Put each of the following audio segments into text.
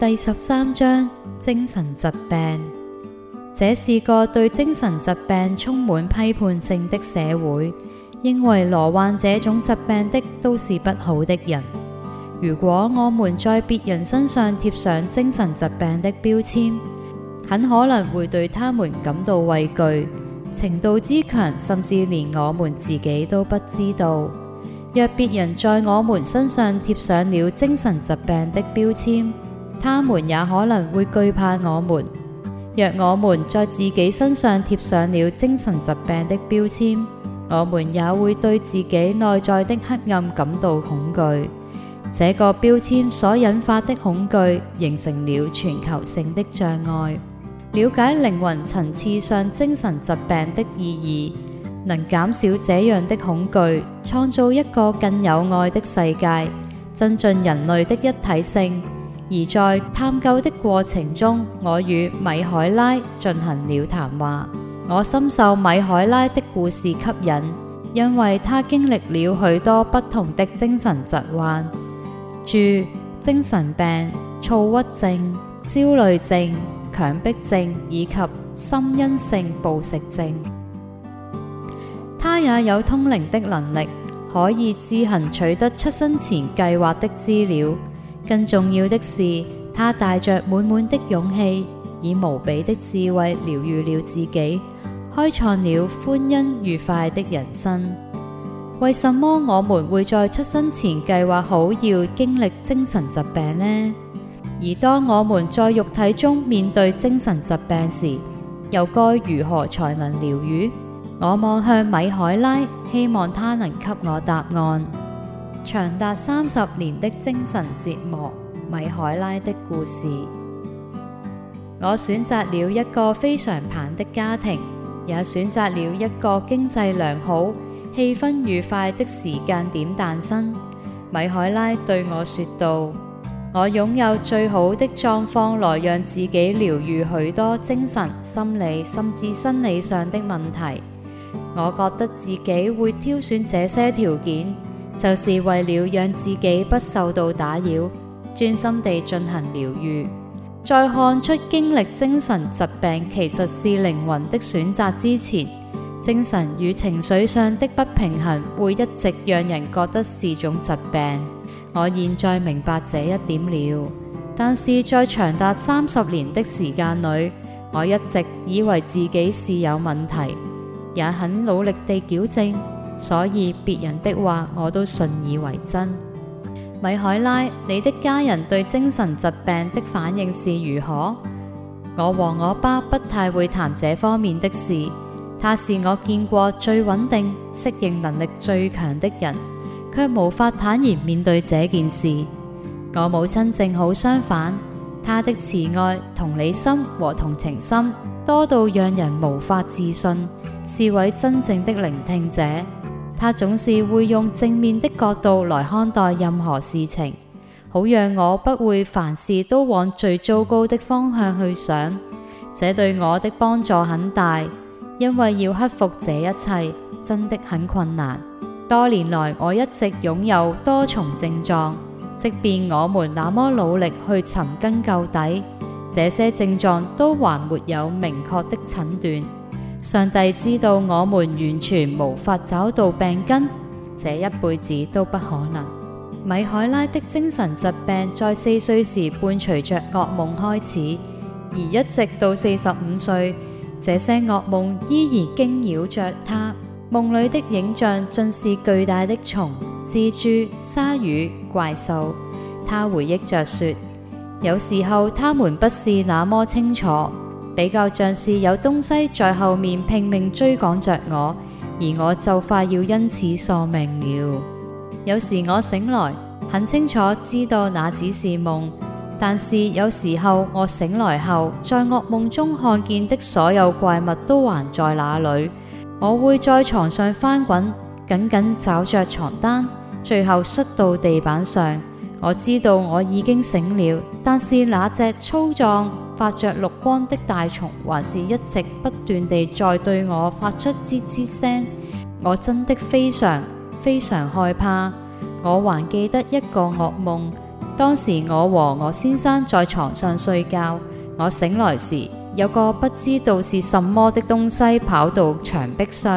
第十三章，精神疾病。這是個對精神疾病充滿批判性的社會，認為罹患這種疾病的都是不好的人。如果我們在別人身上貼上精神疾病的標籤，很可能會對他們感到畏懼，程度之強，甚至連我們自己都不知道。若別人在我們身上貼上了精神疾病的標籤，他們也可能會懼怕我們。若我們在自己身上貼上了精神疾病的標籤，我們也會對自己內在的黑暗感到恐懼。這個標籤所引發的恐懼，形成了全球性的障礙。了解靈魂層次上精神疾病的意義，能減少這樣的恐懼，創造一個更有愛的世界，增進人類的一體性。而在探究的過程中，我與米海拉進行了談話。我深受米海拉的故事吸引，因為她經歷了許多不同的精神疾患，諸如精神病、躁鬱症、焦慮症、強迫症以及心因性暴食症。她也有通靈的能力，可以自行取得出生前計劃的資料。更重要的是，她帶着滿滿的勇氣，以無比的智慧療癒了自己，開創了歡欣愉快的人生。為什麼我們會在出生前計劃好要經歷精神疾病呢？而當我們在肉體中面對精神疾病時，又該如何才能療癒？我望向米凱拉，希望她能給我答案。長達三十年的精神折磨，米凱拉的故事。我選擇了一個非常棒的家庭，也選擇了一個經濟良好、氣氛愉快的時間點誕生。米凱拉對我說道：我擁有最好的狀況來讓自己療愈許多精神、心理甚至生理上的問題。我覺得自己會挑選這些條件。就是為了讓自己不受到打擾，專心地進行療愈。在看出經歷精神疾病其實是靈魂的選擇之前，精神與情緒上的不平衡會一直讓人覺得是種疾病。我現在明白這一點了，但是在長達三十年的時間裏，我一直以為自己是有問題，也很努力地矯正。所以，別人的話我都信以為真。米凱拉，你的家人對精神疾病的反應是如何？我和我爸不太會談這方面的事。他是我見過最穩定、適應能力最強的人，卻無法坦然面對這件事。我母親正好相反，她的慈愛、同理心和同情心多到讓人無法置信，是位真正的聆聽者。他總是會用正面的角度來看待任何事情，好讓我不會凡事都往最糟糕的方向去想。這對我的幫助很大，因為要克服這一切真的很困難。多年來我一直擁有多重症狀，即便我們那麼努力去尋根究底，這些症狀都還沒有明確的診斷。上帝知道我們完全無法找到病根，這一輩子都不可能。米海拉的精神疾病在四歲時伴隨着噩夢開始，而一直到四十五歲，這些噩夢依然驚擾着她。夢裏的影像盡是巨大的蟲、蜘蛛、鯊魚、怪獸。她回憶着說：有時候他們不是那麼清楚。比較像是有東西在後面拼命追趕着我，而我就快要因此喪命了。有時我醒來，很清楚知道那只是夢，但是有時候我醒來後，在噩夢中看見的所有怪物都還在那裏。我會在床上翻滾，緊緊抓着床單，最後摔到地板上。我知道我已經醒了，但是那隻粗壯、發着綠光的大蟲還是一直不斷地在對我發出吱吱聲。我真的非常非常害怕。我還記得一個噩夢，當時我和我先生在床上睡覺，我醒來時有個不知道是什麼的東西跑到牆壁上，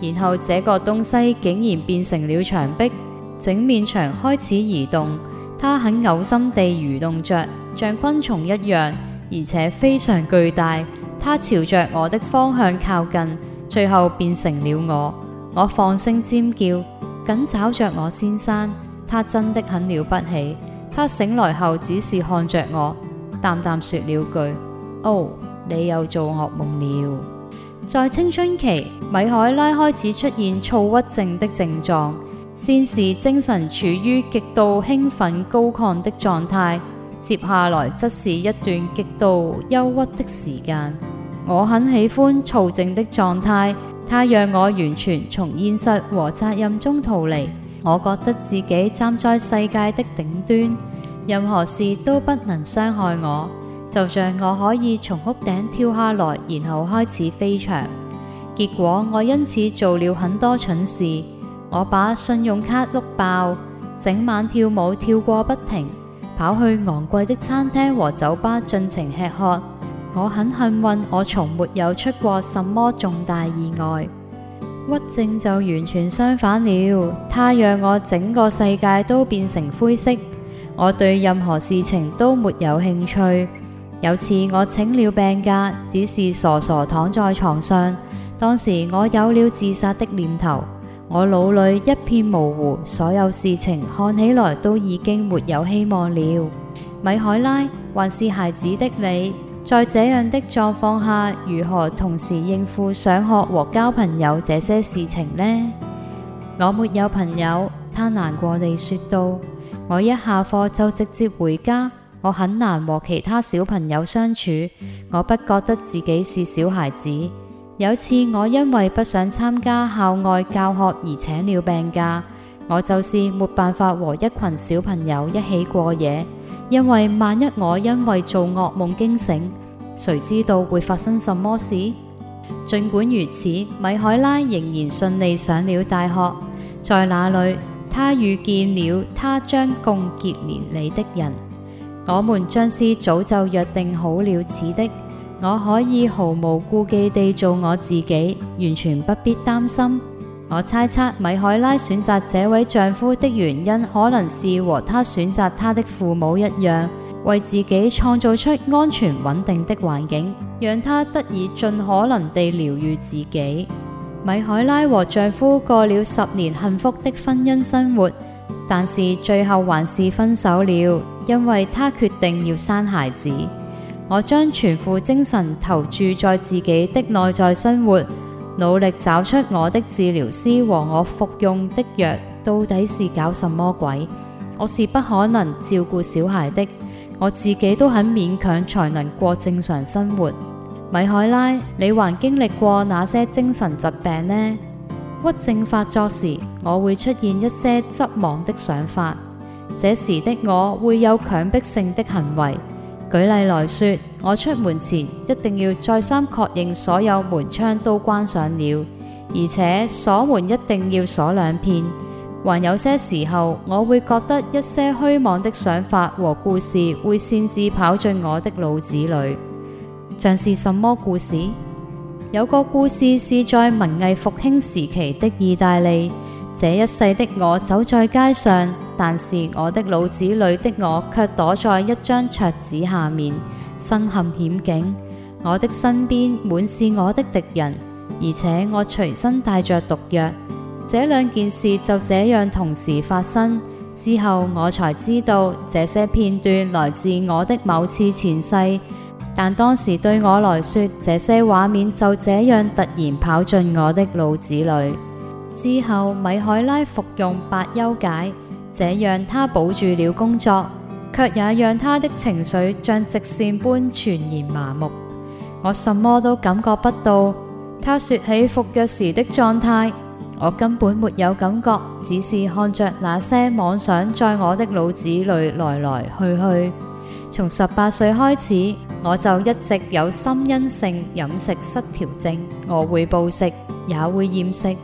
然後這個東西竟然變成了牆壁。整面牆開始移動，它很嘔心地蠕動着，像昆蟲一樣，而且非常巨大。它朝着我的方向靠近，最後變成了我。我放聲尖叫，緊抓着我先生。他真的很了不起。他醒來後只是看着我，淡淡說了句：哦、oh，你又做噩夢了。在青春期，米凱拉開始出現躁鬱症的症狀。先是精神處於極度興奮高亢的狀態，接下來則是一段極度憂鬱的時間。我很喜歡躁症的狀態，它讓我完全從現實和責任中逃離。我覺得自己站在世界的頂端，任何事都不能傷害我，就像我可以從屋頂跳下來，然後開始飛翔。結果我因此做了很多蠢事。我把信用卡碌爆，整晚跳舞跳過不停，跑去昂貴的餐廳和酒吧盡情吃喝。我很幸運，我從沒有出過什麼重大意外。抑鬱症就完全相反了，它讓我整個世界都變成灰色，我對任何事情都沒有興趣。有次我請了病假，只是傻傻躺在床上，當時我有了自殺的念頭。我腦裏一片模糊，所有事情看起來都已經沒有希望了。米凱拉，還是孩子的你，在這樣的狀況下，如何同時應付上學和交朋友這些事情呢？我沒有朋友，他難過地說道。我一下課就直接回家，我很難和其他小朋友相處。我不覺得自己是小孩子。有次我因為不想參加校外教學而請了病假，我就是沒辦法和一群小朋友一起過夜，因為萬一我因為做噩夢驚醒，誰知道會發生什麼事？盡管如此，米凱拉仍然順利上了大學，在那裏她遇見了她將共結連理的人，我們將是早就約定好了似的。我可以毫無顧忌地做我自己，完全不必擔心。我猜測米凱拉選擇這位丈夫的原因，可能是和她選擇她的父母一樣，為自己創造出安全穩定的環境，讓她得以盡可能地療癒自己。米凱拉和丈夫過了十年幸福的婚姻生活，但是最後還是分手了，因為她決定要生孩子。我將全副精神投注在自己的內在生活，努力找出我的治療師和我服用的藥到底是搞什麼鬼。我是不可能照顧小孩的，我自己都很勉強才能過正常生活。米凱拉，你還經歷過哪些精神疾病呢？鬱症發作時，我會出現一些執妄的想法，這時的我會有強迫性的行為。舉例來說，我出門前一定要再三確認所有門窗都關上了，而且鎖門一定要鎖兩遍。還有些時候，我會覺得一些虛妄的想法和故事會擅自跑進我的腦子裏。像是什麼故事？有個故事是在文藝復興時期的意大利。這一世的我走在街上，但是我的腦子裏的我卻躲在一張桌子下面，身陷險境。我的身邊滿是我的敵人，而且我隨身帶着毒藥。這兩件事就這樣同時發生，之後我才知道這些片段來自我的某次前世，但當時對我來說，這些畫面就這樣突然跑進我的腦子裏。之後，米海拉服用百憂解，這讓她保住了工作，卻也讓她的情緒像直線般全然麻木。我什麼都感覺不到。她說起服藥時的狀態，我根本沒有感覺，只是看着那些妄想在我的腦子裏來來去去。從十八歲開始，我就一直有心因性飲食失調症，我會暴食，也會厭食。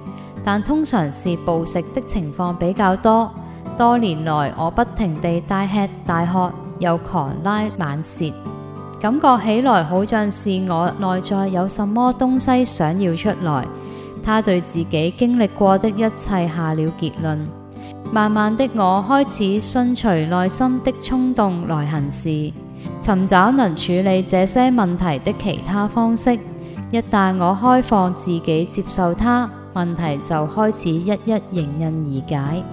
但通常是暴食的情況比較多，多。多年來，我不停地大吃大喝，又狂拉猛泄，感覺起來好像是我內在有什麼東西想要出來。他對自己經歷過的一切下了結論。慢慢的，我開始順隨內心的衝動來行事，尋找能處理這些問題的其他方式。一旦我開放自己，接受他，問題就開始一一迎刃而解。